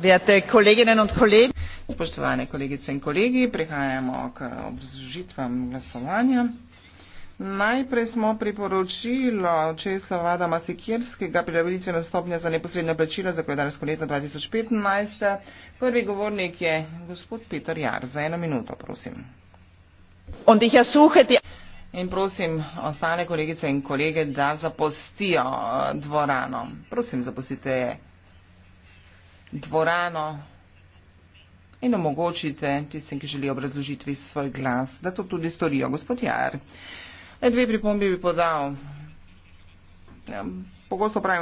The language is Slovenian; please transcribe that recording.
Vijate, kolegine in kolegi. Spoštovane kolegice in kolegi, prehajamo k obzužitvam glasovanja. Najprej smo priporočilo Česlava Adama Sikirskega, prilagoditvena stopnja za neposredne plačila za koledarsko leto 2015. Prvi govornik je gospod Peter Jar. Za eno minuto, prosim. In prosim ostale kolegice in kolege, da zapostijo eh, dvorano. Prosim, zapostite dvorano in omogočite tistim, ki želijo obrazložitvi svoj glas, da to tudi storijo. Gospod Jar, dve pripombi bi podal. Ja, pogosto pravim.